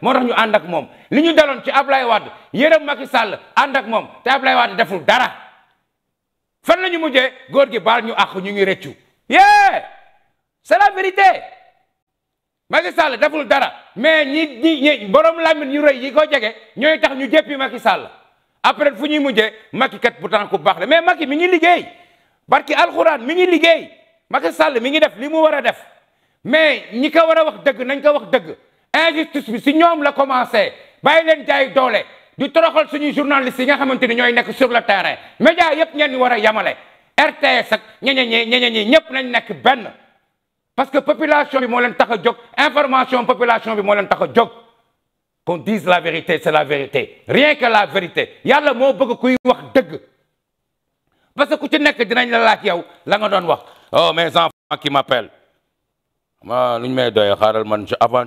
moo tax ñu ànd ak moom li ñu daloon ci Ablaye Wade yërëm Macky sàll ànd ak moom te Ablaye Wade deful dara fan la ñu mujje góor gi baal ñu àq ñu ngi rëccu yee c'est la vérité Macky Sall deful dara mais ñi ñi borom lamine ñu rëy yi ko jege ñooy tax ñu jéppi Macky Sall après fu ñuy mujje Macky kat pourtant ku baax le mais Macky mi ngi liggéey barki alxuraan mi ngi liggéey Macky Sall mi ngi def li mu war a def mais ñi ko war a wax dëgg nañ ko wax dëgg injustice bi si ñoom la commencé bàyyi leen jaay doole di toroxal suñuy journalistes yi nga xamante ni ñooy nekk sur le terrain média yëpp ngeen war a yamale RTS ak ñeneen ñi ñi ñëpp nañ nekk benn parce que population bi moo leen tax a jóg information population bi moo leen tax a jóg qu'on dise la vérité c'est la vérité rien que la vérité yàlla moo bëgg kuy wax dëgg parce que ku ci nekk dinañ la laaj yow la nga doon wax oh mes enfants qui m'appellent ma lu ñu may doyee xaaral man avant